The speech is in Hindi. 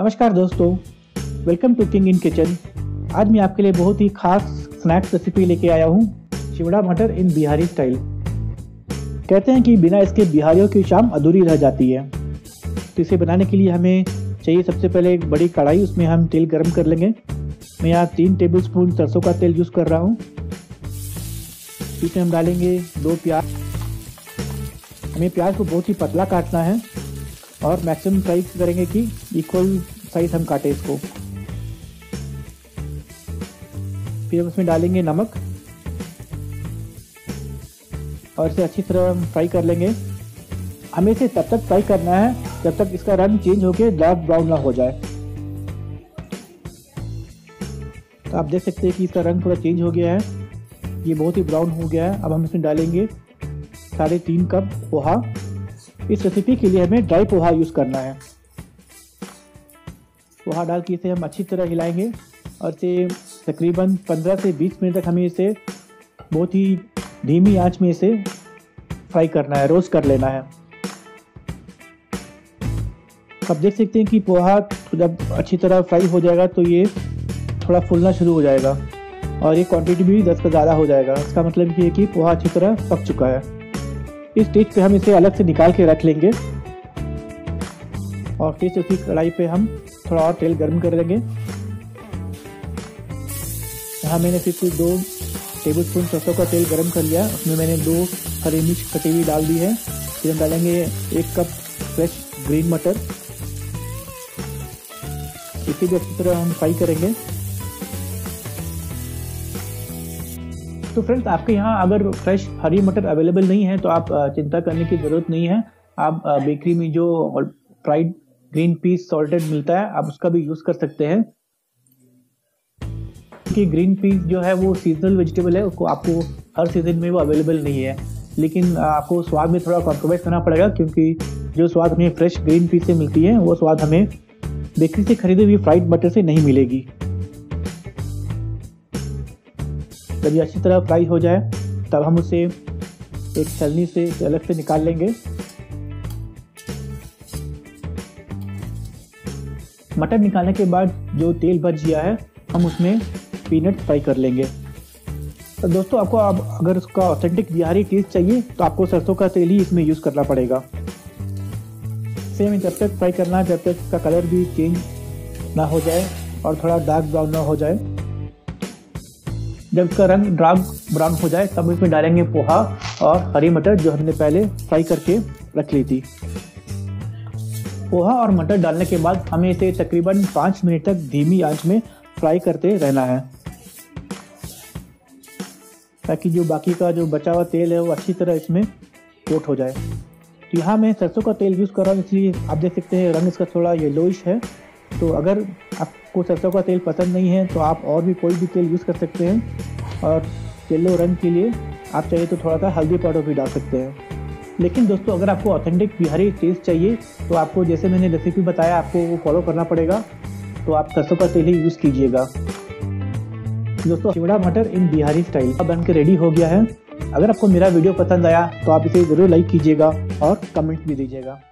नमस्कार दोस्तों welcome to king in kitchen आज मैं आपके लिए बहुत ही खास स्नैक्स रेसिपी लेके आया हूँ चिवड़ा मटर इन बिहारी स्टाइल कहते हैं कि बिना इसके बिहारियों की शाम अधूरी रह जाती है तो इसे बनाने के लिए हमें चाहिए सबसे पहले एक बड़ी कढ़ाई उसमें हम तेल गर्म कर लेंगे मैं यहाँ तीन टेबल स्पून सरसों का तेल यूज़ कर रहा हूँ इसमें हम डालेंगे दो प्याज हमें प्याज को बहुत ही पतला काटना है और मैक्सिमम ट्राई करेंगे कि इक्वल साइज हम काटें इसको फिर हम इसमें डालेंगे नमक और इसे अच्छी तरह हम फ्राई कर लेंगे हमें इसे तब तक फ्राई करना है जब तक इसका रंग चेंज होकर डार्क ब्राउन ना हो जाए तो आप देख सकते हैं कि इसका रंग थोड़ा चेंज हो गया है ये बहुत ही ब्राउन हो गया है अब हम इसमें डालेंगे साढ़े तीन कप पोहा इस रेसिपी के लिए हमें ड्राई पोहा यूज़ करना है पोहा डाल के इसे हम अच्छी तरह हिलाएंगे और इसे तकरीबन 15 से 20 मिनट तक हमें इसे बहुत ही धीमी आंच में इसे फ्राई करना है रोस्ट कर लेना है आप देख सकते हैं कि पोहा जब अच्छी तरह फ्राई हो जाएगा तो ये थोड़ा फूलना शुरू हो जाएगा और ये क्वांटिटी भी दस का ज़्यादा हो जाएगा इसका मतलब ये है कि पोहा अच्छी तरह पक चुका है इस स्टेज पे हम इसे अलग से निकाल के रख लेंगे और फिर उसी कढ़ाई पे हम थोड़ा और तेल गर्म कर लेंगे यहाँ मैंने फिर कुछ दो टेबल स्पून सरसों का तेल गर्म कर लिया उसमें मैंने दो हरी मिर्च कटी हुई डाल दी है फिर हम डालेंगे एक कप फ्रेश ग्रीन मटर इसे भी अच्छी तरह हम फ्राई करेंगे तो फ्रेंड्स आपके यहाँ अगर फ्रेश हरी मटर अवेलेबल नहीं है तो आप चिंता करने की ज़रूरत नहीं है आप बेकरी में जो फ्राइड ग्रीन पीस सॉल्टेड मिलता है आप उसका भी यूज़ कर सकते हैं कि ग्रीन पीस जो है वो सीजनल वेजिटेबल है उसको आपको हर सीजन में वो अवेलेबल नहीं है लेकिन आपको स्वाद में थोड़ा कॉम्प्रोमाइज़ करना पड़ेगा क्योंकि जो स्वाद हमें फ्रेश ग्रीन पीस से मिलती है वो स्वाद हमें बेकरी से खरीदे हुए फ्राइड मटर से नहीं मिलेगी जब ये अच्छी तरह फ्राई हो जाए तब हम उसे एक छलनी से अलग से निकाल लेंगे मटर निकालने के बाद जो तेल बच गया है हम उसमें पीनट फ्राई कर लेंगे तो दोस्तों आपको आप अगर उसका ऑथेंटिक बिहारी टेस्ट चाहिए तो आपको सरसों का तेल ही इसमें यूज़ करना पड़ेगा सेम जब तक फ्राई करना जब तक इसका कलर भी चेंज ना हो जाए और थोड़ा डार्क ब्राउन ना हो जाए जब इसका रंग डार्क ब्राउन हो जाए तब इसमें डालेंगे पोहा और हरी मटर जो हमने पहले फ्राई करके रख ली थी पोहा और मटर डालने के बाद हमें इसे तकरीबन पाँच मिनट तक धीमी आंच में फ्राई करते रहना है ताकि जो बाकी का जो बचा हुआ तेल है वो अच्छी तरह इसमें कोट हो जाए तो यहाँ मैं सरसों का तेल यूज़ कर रहा हूँ इसलिए आप देख सकते हैं रंग इसका थोड़ा येलोइश है तो अगर आपको सरसों का तेल पसंद नहीं है तो आप और भी कोई भी तेल यूज़ कर सकते हैं और येलो रंग के लिए आप चाहिए तो थोड़ा सा हल्दी पाउडर भी डाल सकते हैं लेकिन दोस्तों अगर आपको ऑथेंटिक बिहारी टेस्ट चाहिए तो आपको जैसे मैंने रेसिपी बताया आपको वो फॉलो करना पड़ेगा तो आप सरसों का तेल ही यूज़ कीजिएगा दोस्तों चिवड़ा मटर इन बिहारी स्टाइल का बनकर रेडी हो गया है अगर आपको मेरा वीडियो पसंद आया तो आप इसे ज़रूर लाइक कीजिएगा और कमेंट भी दीजिएगा